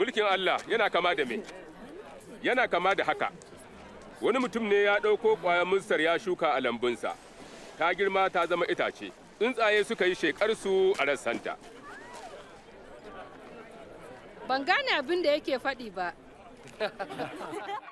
mulkin Allah yana kama da me yana kama da haka wani mutum ne ya ɗauko ƙwayar mustar ya shuka a lambunsa ta girma ta zama itace tsuntsaye suka yi shekarsu a rassanta ban gane abin da yake faɗi ba